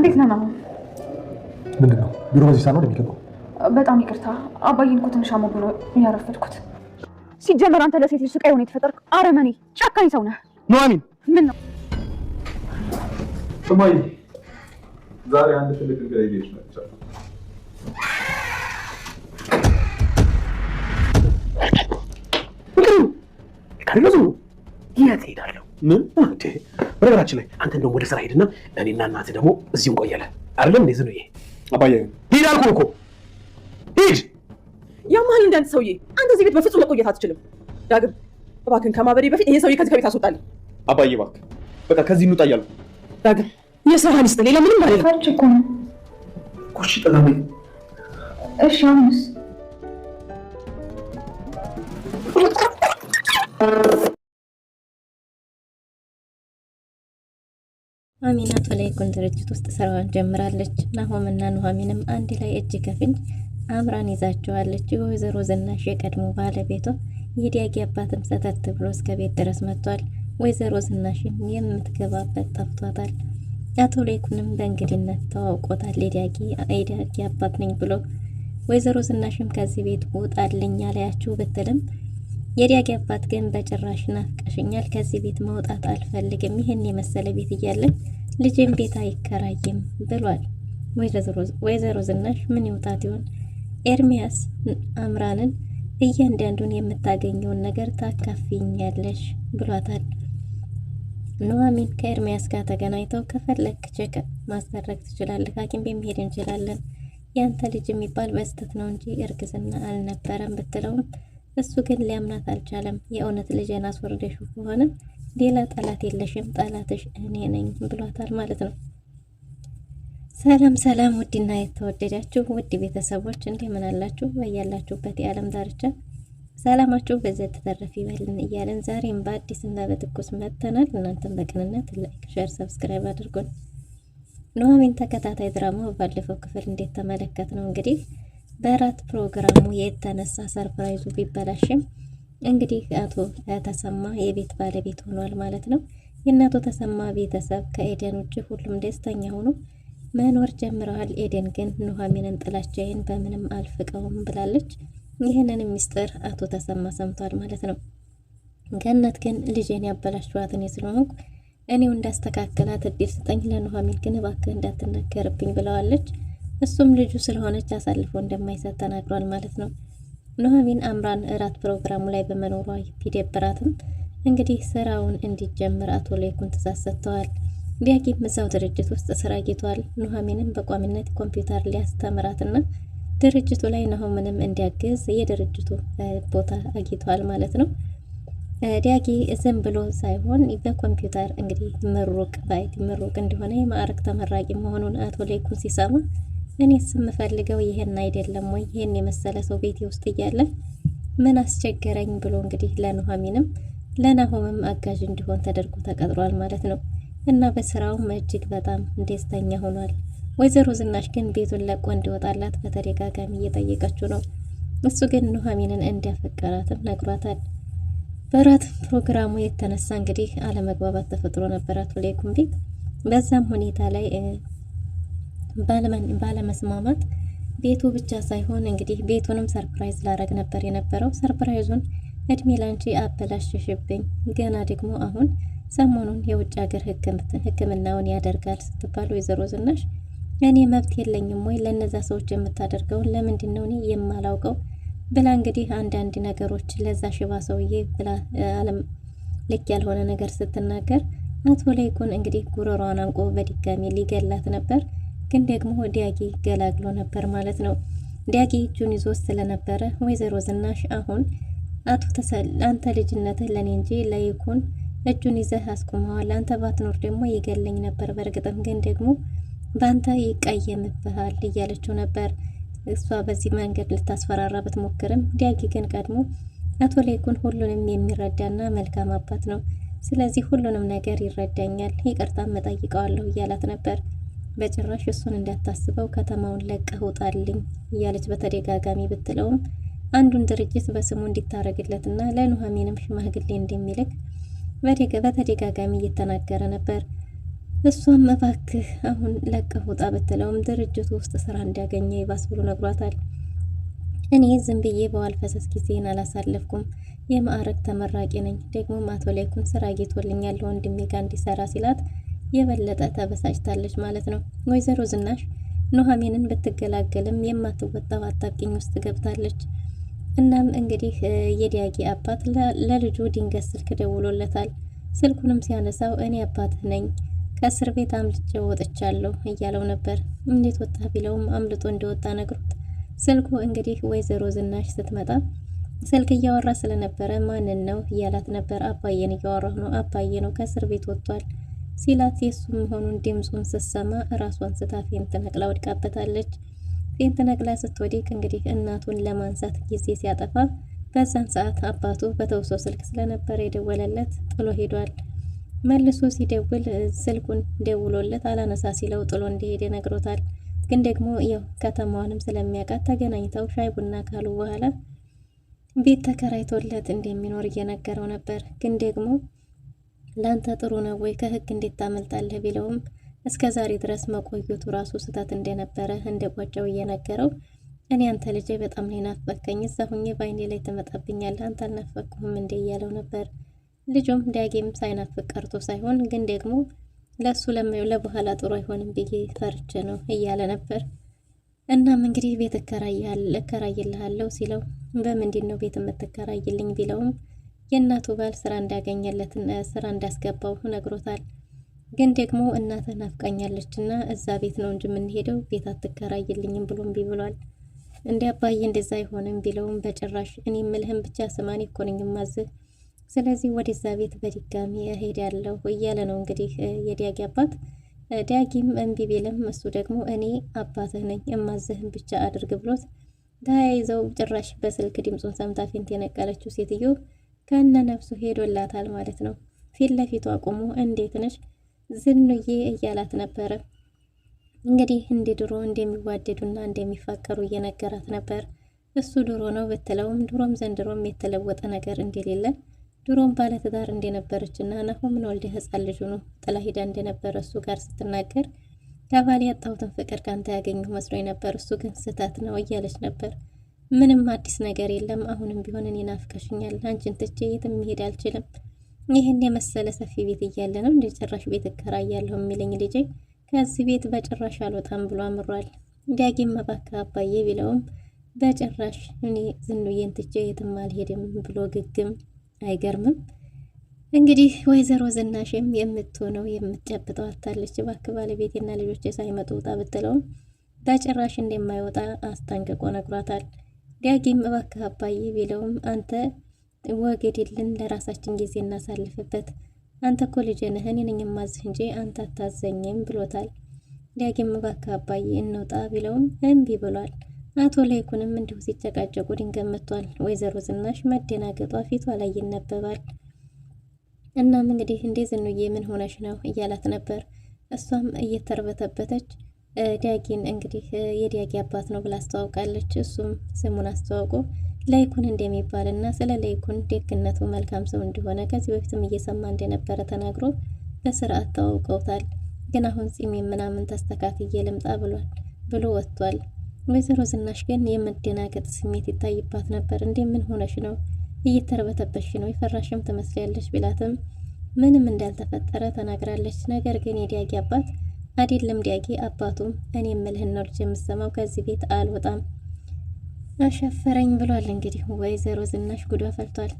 እንዴት ነህ ነው? ምንድን ነው? ቢሮ በዚህ ሰዓት ነው የሚገባው? በጣም ይቅርታ አባዬን እኮ ትንሽ አሞብኝ ነው ያረፈድኩት። ሲጀመር አንተ ለሴት ስቃይ ሆነ የተፈጠርክ አረመኔ ጨካኝ ሰው ነህ። ኑሐሚን ምን ነው እማዬ፣ ዛሬ አንድ ትልቅ እንግዳ ይዤሽ መጥቻለሁ። ከእነሱ የት እሄዳለሁ? ምን በነገራችን ላይ አንተ እንደውም ወደ ስራ ሄድና እኔና እናትህ ደግሞ እዚሁ እንቆያለን። አይደለም እንደዚህ ነው ይሄ። አባዬ ሂድ አልኩህ እኮ ሂድ። ያማህል እንዳንተ ሰውዬ፣ አንተ እዚህ ቤት በፍጹም መቆየት አትችልም። ዳግም እባክህን ከማበሬ በፊት ይሄ ሰውዬ ከዚህ ከቤት አስወጣልኝ። አባዬ እባክህ በቃ ከዚህ እንውጣ እያልኩህ። ዳግም የስራህን ይስጥ፣ ሌላ ምንም አለ ነው ኮሽ ጠላሚ እሺ አሁንስ አሚና ጦላይኩን ድርጅት ውስጥ ስራዋን ጀምራለች። ናሆምና ኑሐሚንም አንድ ላይ እጅ ከፍንጅ አምራን ይዛቸዋለች። የወይዘሮ ዝናሽ የቀድሞ ባለቤቷ የዲያጌ አባትም ሰተት ብሎ እስከ ቤት ድረስ መጥቷል። ወይዘሮ ዝናሽም የምትገባበት ጠፍቷታል። አቶ ላይኩንም በእንግድነት ተዋውቆታል። የዲያጌ አባት ነኝ ብሎ ወይዘሮ ዝናሽም ከዚህ ቤት ውጣልኝ አላያችሁ ብትልም የዳጊ አባት ግን በጭራሽ ናፍቀሽኛል፣ ከዚህ ቤት መውጣት አልፈልግም፣ ይህን የመሰለ ቤት እያለን ልጅም ቤት አይከራይም ብሏል። ወይዘሮ ዝናሽ ምን ይውጣት ይሆን? ኤርሚያስ አምራንን እያንዳንዱን የምታገኘውን ነገር ታካፊኛለሽ ብሏታል። ኑሐሚን ከኤርሚያስ ጋር ተገናኝተው ከፈለክ ቼክ ማስደረግ ትችላለህ፣ ሐኪም ቤት መሄድ እንችላለን፣ ያንተ ልጅ የሚባል በስተት ነው እንጂ እርግዝና አልነበረም ብትለውም እሱ ግን ሊያምናት አልቻለም። የእውነት ልጄን አስወርደሽው ከሆነ ሌላ ጠላት የለሽም፣ ጠላትሽ እኔ ነኝ ብሏታል ማለት ነው። ሰላም ሰላም፣ ውድና የተወደዳችሁ ውድ ቤተሰቦች እንደምን አላችሁ? በያላችሁበት የዓለም ዳርቻ ሰላማችሁ በዚህ ተተረፍ ይበልን እያለን ዛሬም በአዲስና በትኩስ መጥተናል። እናንተም በቅንነት ላይክ፣ ሸር፣ ሰብስክራይብ አድርጉን። ኑሐሚን ተከታታይ ድራማ ባለፈው ክፍል እንዴት ተመለከት ነው እንግዲህ በራት ፕሮግራሙ የተነሳ ሰርፕራይዙ ቢበላሽም እንግዲህ አቶ ተሰማ የቤት ባለቤት ሆኗል ማለት ነው። አቶ ተሰማ ቤተሰብ ከኤደን ውጭ ሁሉም ደስተኛ ሆኖ መኖር ጀምረዋል። ኤደን ግን ኑሐሚንን ጥላቻዬን በምንም አልፍቀውም ብላለች። ይህንን ሚስጥር አቶ ተሰማ ሰምቷል ማለት ነው። ገነት ግን ልጄን ያበላሸዋት እኔ ስለሆንኩ እኔው እንዳስተካከላት እድል ስጠኝ፣ ለኑሐሚን ግን እባክህ እንዳትናገርብኝ ብለዋለች። እሱም ልጁ ስለሆነች አሳልፎ እንደማይሰጥ ተናግሯል ማለት ነው። ኑሐሚን አምራን እራት ፕሮግራሙ ላይ በመኖሯ ቢደብራትም እንግዲህ ስራውን እንዲጀምር አቶ ላይኩን ትእዛዝ ሰጥተዋል። ቢያጊም እዛው ድርጅት ውስጥ ስራ አግኝቷል። ኑሐሚንም በቋሚነት ኮምፒውተር ሊያስተምራትና ድርጅቱ ላይ ናሆምንም እንዲያግዝ የድርጅቱ ቦታ አግኝቷል ማለት ነው። ዲያጊ ዝም ብሎ ሳይሆን በኮምፒውተር እንግዲህ ምሩቅ ባይት ምሩቅ እንደሆነ የማዕረግ ተመራቂ መሆኑን አቶ ላይኩን ሲሰማ እኔስ የምፈልገው ይሄን አይደለም ወይ? ይሄን የመሰለ ሰው ቤቴ ውስጥ እያለ ምን አስቸገረኝ ብሎ እንግዲህ ለኑሐሚንም ለናሆምም አጋዥ እንዲሆን ተደርጎ ተቀጥሯል ማለት ነው። እና በስራውም እጅግ በጣም ደስተኛ ሆኗል። ወይዘሮ ዝናሽ ግን ቤቱን ለቆ እንዲወጣላት በተደጋጋሚ እየጠየቀችው ነው። እሱ ግን ኑሐሚንን እንዲያፈቀራትም ነግሯታል። በራት ፕሮግራሙ የተነሳ እንግዲህ አለመግባባት ተፈጥሮ ነበር አቶ ሌኩም ቤት። በዛም ሁኔታ ላይ ባለመስማማት ቤቱ ብቻ ሳይሆን እንግዲህ ቤቱንም ሰርፕራይዝ ላረግ ነበር የነበረው። ሰርፕራይዙን እድሜ ላንቺ አበላሸሽብኝ። ገና ደግሞ አሁን ሰሞኑን የውጭ ሀገር ሕክምናውን ያደርጋል ስትባል ወይዘሮ ዝናሽ እኔ መብት የለኝም ወይ ለነዛ ሰዎች የምታደርገውን ለምንድን ነው እኔ የማላውቀው ብላ እንግዲህ አንዳንድ ነገሮች ለዛ ሽባ ሰውዬ ብላ አለም ልክ ያልሆነ ነገር ስትናገር አቶ ላይኩን እንግዲህ ጉሮሯን አንቆ በድጋሚ ሊገላት ነበር። ግን ደግሞ ዲያጌ ገላግሎ ነበር ማለት ነው። ዲያጌ እጁን ይዞ ስለነበረ ወይዘሮ ዝናሽ አሁን አቶ ተሰል አንተ ልጅነትህ ለእኔ እንጂ ለይኩን እጁን ይዘህ አስቁመዋል። አንተ ባትኖር ደግሞ ይገለኝ ነበር። በእርግጥም ግን ደግሞ በአንተ ይቀየምብሃል እያለችው ነበር። እሷ በዚህ መንገድ ልታስፈራራ ብትሞክርም ዲያጊ ግን ቀድሞ አቶ ለይኩን ሁሉንም የሚረዳና መልካም አባት ነው። ስለዚህ ሁሉንም ነገር ይረዳኛል፣ ይቅርታም እጠይቀዋለሁ እያላት ነበር። በጭራሽ እሱን እንዳታስበው ከተማውን ለቀህ ውጣልኝ እያለች በተደጋጋሚ ብትለውም አንዱን ድርጅት በስሙ እንዲታረግለትና ለኑሐሚንም ሽማግሌ እንደሚልክ በተደጋጋሚ እየተናገረ ነበር። እሷም እባክህ አሁን ለቀህ ውጣ ብትለውም ድርጅቱ ውስጥ ስራ እንዲያገኘ ይባስ ብሎ ነግሯታል። እኔ ዝም ብዬ በዋልፈሰስ ጊዜን አላሳለፍኩም። የማዕረግ ተመራቂ ነኝ፣ ደግሞም አቶ ላይኩን ስራ አግኝቶልኛል ወንድሜ እንዲሰራ ሲላት የበለጠ ተበሳጭታለች ማለት ነው። ወይዘሮ ዝናሽ ኑሐሚንን ብትገላገልም የማትወጣው አጣብቂኝ ውስጥ ገብታለች። እናም እንግዲህ የዲያጌ አባት ለልጁ ድንገት ስልክ ደውሎለታል። ስልኩንም ሲያነሳው እኔ አባትህ ነኝ ከእስር ቤት አምልጬ ወጥቻለሁ እያለው ነበር። እንዴት ወጣ ቢለውም አምልጦ እንደወጣ ነግሮት ስልኩ እንግዲህ ወይዘሮ ዝናሽ ስትመጣ ስልክ እያወራ ስለነበረ ማንን ነው እያላት ነበር። አባዬን እያወራሁ ነው፣ አባዬ ነው ከእስር ቤት ወጥቷል ሲላት የሱ መሆኑን ድምፁን ስትሰማ እራሷን ስታ ፌንት ነቅላ ወድቃበታለች። ፌንት ነቅላ ስትወድቅ እንግዲህ እናቱን ለማንሳት ጊዜ ሲያጠፋ በዛን ሰዓት አባቱ በተውሶ ስልክ ስለነበረ የደወለለት ጥሎ ሄዷል። መልሶ ሲደውል ስልኩን ደውሎለት አላነሳ ሲለው ጥሎ እንደሄደ ነግሮታል። ግን ደግሞ ያው ከተማዋንም ስለሚያውቃት ተገናኝተው ሻይ ቡና ካሉ በኋላ ቤት ተከራይቶለት እንደሚኖር እየነገረው ነበር ግን ደግሞ ለአንተ ጥሩ ነው ወይ ከህግ እንዴት ታመልጣለህ ቢለውም እስከ ዛሬ ድረስ መቆየቱ ራሱ ስህተት እንደነበረ እንደ ጓጫው እየነገረው እኔ አንተ ልጄ በጣም ነው የናፈከኝ፣ እዛ ሁኜ በአይኔ ላይ ትመጣብኛለህ፣ አንተ አልናፈቅሁም እንዴ እያለው ነበር። ልጁም ዳጌም ሳይናፍቅ ቀርቶ ሳይሆን ግን ደግሞ ለእሱ ለበኋላ ጥሩ አይሆንም ብዬ ፈርቼ ነው እያለ ነበር። እናም እንግዲህ ቤት እከራይልሃለሁ ሲለው በምንድን ነው ቤት የምትከራይልኝ ቢለውም የእናቱ ባል ስራ እንዳገኘለት ስራ እንዳስገባው ነግሮታል። ግን ደግሞ እናትህ ናፍቃኛለች እና እዛ ቤት ነው እንጂ የምንሄደው ቤት አትከራይልኝም ብሎ እምቢ ብሏል። እንዲ አባዬ እንደዛ አይሆንም ቢለውም በጭራሽ እኔ ምልህም ብቻ ስማን ይኮንኝ ነኝ ስለዚህ ወደዛ ቤት በድጋሚ እሄዳለሁ እያለ ነው እንግዲህ የዲያጊ አባት። ዲያጊም እምቢ ቢልም እሱ ደግሞ እኔ አባትህ ነኝ እማዝህን ብቻ አድርግ ብሎት ተያይዘው ጭራሽ በስልክ ድምፁን ሰምታ ፊንት የነቀለችው ሴትዮ ከነ ነፍሱ ሄዶላታል ማለት ነው። ፊት ለፊቷ ቆሞ እንዴት ነሽ ዝኑዬ እያላት ነበረ። እንግዲህ እንደ ድሮ እንደሚዋደዱና እንደሚፋቀሩ እየነገራት ነበር። እሱ ድሮ ነው ብትለውም ድሮም ዘንድሮም የተለወጠ ነገር እንደሌለ ድሮም ባለትዳር እንደነበረች እና ናሆምን ወልደ ሕፃን ልጁ ነው ጥላ ሂዳ እንደነበረ እሱ ጋር ስትናገር ከባል ያጣሁትን ፍቅር ካንተ ያገኘሁ መስሎኝ ነበር፣ እሱ ግን ስህተት ነው እያለች ነበር። ምንም አዲስ ነገር የለም። አሁንም ቢሆን እኔ ናፍቀሽኛል። አንቺን ትቼ የትም መሄድ አልችልም። ይህን የመሰለ ሰፊ ቤት እያለ ነው እንደ ጭራሽ ቤት እከራያለሁ የሚለኝ ልጄ ከዚህ ቤት በጭራሽ አልወጣም ብሎ አምሯል። ዳጊም መባካ አባዬ ቢለውም በጭራሽ እኔ ዝኑዬን ትቼ የትም አልሄድም ብሎ ግግም። አይገርምም እንግዲህ ወይዘሮ ዝናሽም የምትሆነው የምትጨብጠው አታለች። እባክህ ባለቤቴና ልጆቼ ሳይመጡ ውጣ ብትለውም በጭራሽ እንደማይወጣ አስጠንቅቆ ነግሯታል። ዳጊም እባክህ አባዬ ቢለውም አንተ ወግድልን ለራሳችን ጊዜ እናሳልፍበት፣ አንተ እኮ ልጄ ነህ፣ እኔ ነኝ የማዝህ እንጂ አንተ አታዘኝም ብሎታል። ዳጊም እባክህ አባዬ እንውጣ ቢለውም እምቢ ብሏል። አቶ ላይኩንም እንዲሁ ሲጨቃጨቁ ድንገት መጥቷል። ወይዘሮ ዝናሽ መደናገጧ ፊቷ ላይ ይነበባል። እናም እንግዲህ እንዴ ዝኑዬ ምን ሆነሽ ነው እያላት ነበር። እሷም እየተርበተበተች ዳጊን እንግዲህ የዳጊ አባት ነው ብላ አስተዋውቃለች። እሱም ስሙን አስተዋውቆ ላይኩን እንደሚባል እና ስለ ላይኩን ደግነቱ መልካም ሰው እንደሆነ ከዚህ በፊትም እየሰማ እንደነበረ ተናግሮ በስርዓት ተዋውቀውታል። ግን አሁን ጺሜ ምናምን ተስተካክዬ ልምጣ ብሏል ብሎ ወጥቷል። ወይዘሮ ዝናሽ ግን የመደናገጥ ስሜት ይታይባት ነበር። እንዴ ምን ሆነሽ ነው? እየተርበተበሽ ነው፣ የፈራሽም ትመስላለች ቢላትም ምንም እንዳልተፈጠረ ተናግራለች። ነገር ግን የዳጊ አባት አይደለም ዲያጌ አባቱም እኔ የምልህን ነው ልጅ የምሰማው ከዚህ ቤት አልወጣም አሸፈረኝ ብሏል። እንግዲህ ወይዘሮ ዝናሽ ጉዷ ፈልቷል።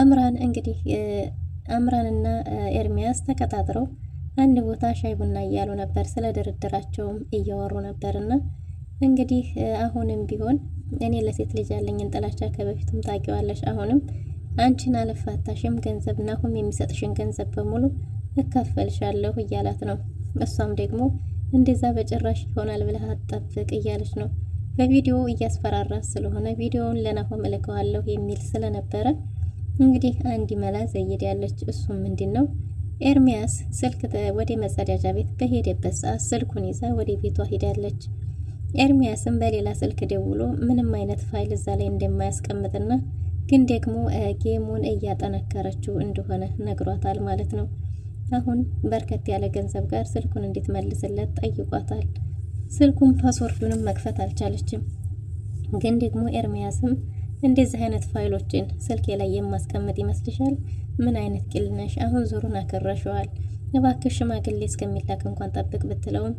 አምራን እንግዲህ አምራንና ኤርሚያስ ተቀጣጥረው አንድ ቦታ ሻይ ቡና እያሉ ነበር። ስለ ድርድራቸውም እያወሩ ነበርና እንግዲህ አሁንም ቢሆን እኔ ለሴት ልጅ ያለኝን ጥላቻ ከበፊቱም ታውቂዋለሽ። አሁንም አንቺን አልፋታሽም። ገንዘብ ናሁም የሚሰጥሽን ገንዘብ በሙሉ እካፈልሻለሁ እያላት ነው። እሷም ደግሞ እንደዛ በጭራሽ ይሆናል ብለህ አትጠብቅ እያለች ነው። በቪዲዮ እያስፈራራት ስለሆነ ቪዲዮውን ለናሆም እልከዋለሁ የሚል ስለነበረ እንግዲህ አንድ መላ ዘይድ ያለች። እሱም ምንድን ነው ኤርሚያስ ስልክ ወደ መጸዳጃ ቤት በሄደበት ሰዓት ስልኩን ይዛ ወደ ቤቷ ሄዳለች። ኤርሚያስም በሌላ ስልክ ደውሎ ምንም አይነት ፋይል እዛ ላይ እንደማያስቀምጥና ግን ደግሞ ጌሙን እያጠነከረችው እንደሆነ ነግሯታል ማለት ነው። አሁን በርከት ያለ ገንዘብ ጋር ስልኩን እንድትመልስለት ጠይቋታል። ስልኩን ፓስወርዱንም መክፈት አልቻለችም። ግን ደግሞ ኤርሚያስም እንደዚህ አይነት ፋይሎችን ስልኬ ላይ የማስቀምጥ ይመስልሻል? ምን አይነት ቂል ነሽ! አሁን ዙሩን አከረሸዋል። እባክሽ ሽማግሌ እስከሚላክ እንኳን ጠብቅ ብትለውም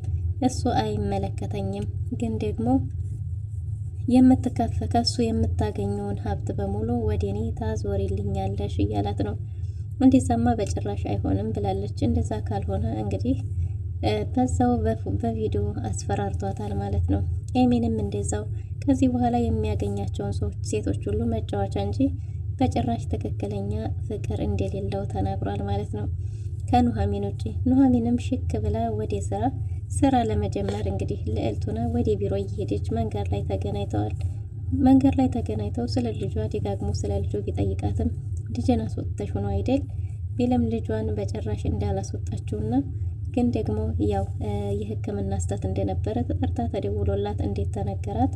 እሱ አይመለከተኝም፣ ግን ደግሞ የምትከፍ ከሱ የምታገኘውን ሀብት በሙሉ ወደ እኔ ታዞሪልኛለሽ እያላት ነው። እንደዛማ በጭራሽ አይሆንም ብላለች። እንደዛ ካልሆነ እንግዲህ በዛው በቪዲዮ አስፈራርቷታል ማለት ነው። ኤሚንም እንደዛው ከዚህ በኋላ የሚያገኛቸውን ሰዎች ሴቶች ሁሉ መጫወቻ እንጂ በጭራሽ ትክክለኛ ፍቅር እንደሌለው ተናግሯል ማለት ነው። ከኑሐሚን ውጭ ኑሐሚንም ሽክ ብላ ወደ ስራ ስራ ለመጀመር እንግዲህ ልዕልቱና ወደ ቢሮ እየሄደች መንገድ ላይ ተገናኝተዋል። መንገድ ላይ ተገናኝተው ስለ ልጇ ደጋግሞ ስለ ልጁ ቢጠይቃትም ልጅን አስወጥተሽ ሆኖ አይደል ቢልም ልጇን በጭራሽ እንዳላስወጣችውና ግን ደግሞ ያው የሕክምና ስህተት እንደነበረ ተጠርታ ተደውሎላት እንዴት ተነገራት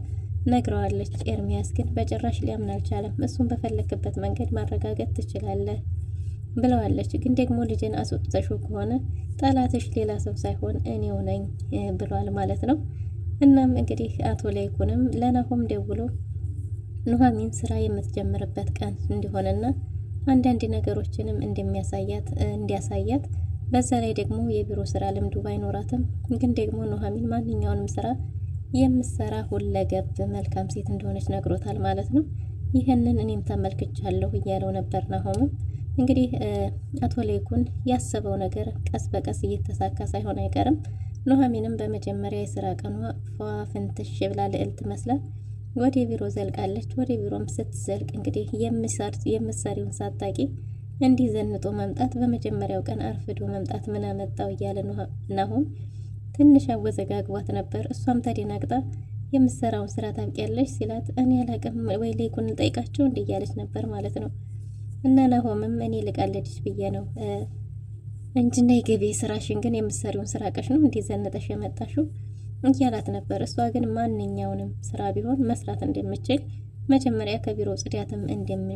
ነግረዋለች። ኤርሚያስ ግን በጭራሽ ሊያምን አልቻለም። እሱን በፈለክበት መንገድ ማረጋገጥ ትችላለህ ብለዋለች። ግን ደግሞ ልጅን አስወጥተሽው ከሆነ ጠላትሽ ሌላ ሰው ሳይሆን እኔው ነኝ ብሏል ማለት ነው። እናም እንግዲህ አቶ ላይኩንም ለናሆም ደውሎ ኑሐሚን ስራ የምትጀምርበት ቀን እንዲሆነና አንዳንድ ነገሮችንም እንደሚያሳያት እንዲያሳያት በዛ ላይ ደግሞ የቢሮ ስራ ልምዱ ባይኖራትም ግን ደግሞ ኑሐሚን ማንኛውንም ስራ የምሰራ ሁለገብ መልካም ሴት እንደሆነች ነግሮታል ማለት ነው። ይህንን እኔም ተመልክቻለሁ እያለው ነበር ናሆምም። እንግዲህ አቶ ሌኩን ያሰበው ነገር ቀስ በቀስ እየተሳካ ሳይሆን አይቀርም። ኑሐሚንም በመጀመሪያ የስራ ቀኗ ፏ ፍንትሽ ብላ ልዕልት መስላል ወደ ቢሮ ዘልቃለች። ወደ ቢሮም ስትዘልቅ እንግዲህ የምሰሪውን ሳታቂ እንዲህ ዘንጦ መምጣት በመጀመሪያው ቀን አርፍዶ መምጣት ምን አመጣው እያለ ናሁም ትንሽ አወዘጋግቧት ነበር። እሷም ተደናግጣ የምሰራውን ስራ ታውቂያለሽ ሲላት እኔ አላቅም ወይ ሌኩን እንጠይቃቸው እንዲ እያለች ነበር ማለት ነው። እና ናሆምም እኔ ልቃለድሽ ብዬ ነው እንጂ ነይ የገቢ ስራሽን ግን የምሰሪውን ስራ ቀሽ ነው እንዲህ ዘንጠሽ የመጣሽው እያላት ነበር። እሷ ግን ማንኛውንም ስራ ቢሆን መስራት እንደምችል መጀመሪያ ከቢሮ ጽዳትም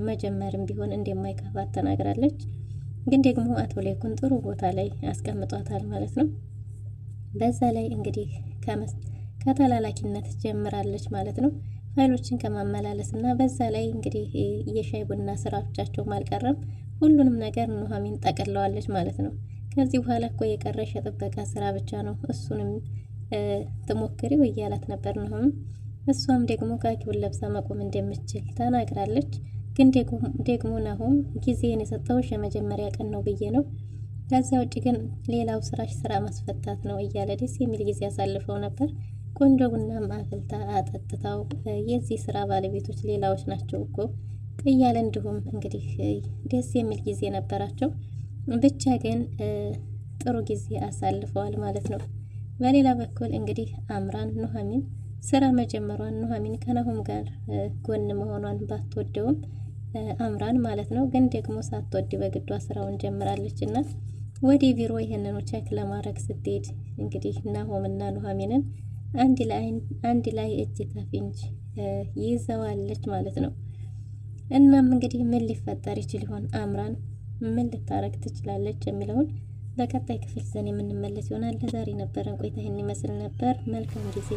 መጀመርም ቢሆን እንደማይከፋት ተናግራለች። ግን ደግሞ አቶ ሌኩን ጥሩ ቦታ ላይ አስቀምጧታል ማለት ነው። በዛ ላይ እንግዲህ ከተላላኪነት ጀምራለች ማለት ነው። ፋይሎችን ከማመላለስ እና በዛ ላይ እንግዲህ የሻይ ቡና ስራዎቻቸው አልቀረም። ሁሉንም ነገር ኑሐሚን ጠቅለዋለች ማለት ነው። ከዚህ በኋላ እኮ የቀረሽ የጥበቃ ስራ ብቻ ነው እሱንም ትሞክሪው እያላት ነበር ነሆም። እሷም ደግሞ ካኪውን ለብሳ መቆም እንደምችል ተናግራለች። ግን ደግሞ ናሆም ጊዜን የሰጠሁሽ የመጀመሪያ ቀን ነው ብዬ ነው፣ ከዚያ ውጭ ግን ሌላው ስራሽ ስራ ማስፈታት ነው እያለ ደስ የሚል ጊዜ አሳልፈው ነበር። ቆንጆ ቡናም አፍልታ አጠጥታው የዚህ ስራ ባለቤቶች ሌላዎች ናቸው እኮ እያለ እንዲሁም እንግዲህ ደስ የሚል ጊዜ ነበራቸው። ብቻ ግን ጥሩ ጊዜ አሳልፈዋል ማለት ነው። በሌላ በኩል እንግዲህ አምራን ኑሐሚን ስራ መጀመሯን ኑሐሚን ከናሆም ጋር ጎን መሆኗን ባትወደውም አምራን ማለት ነው። ግን ደግሞ ሳትወድ በግዷ ስራውን ጀምራለች እና ወደ ቢሮ ይህንኑ ቼክ ለማድረግ ስትሄድ እንግዲህ ናሆም እና ኑሐሚንን አንድ ላይ እጅ ከፍንጅ ይዘዋለች ማለት ነው። እናም እንግዲህ ምን ሊፈጠር ይችል ይሆን? አምራን ምን ልታረግ ትችላለች የሚለውን በቀጣይ ክፍል ዘን የምንመለስ ይሆናል። ለዛሬ ነበረን ቆይታ ይህን ይመስል ነበር። መልካም ጊዜ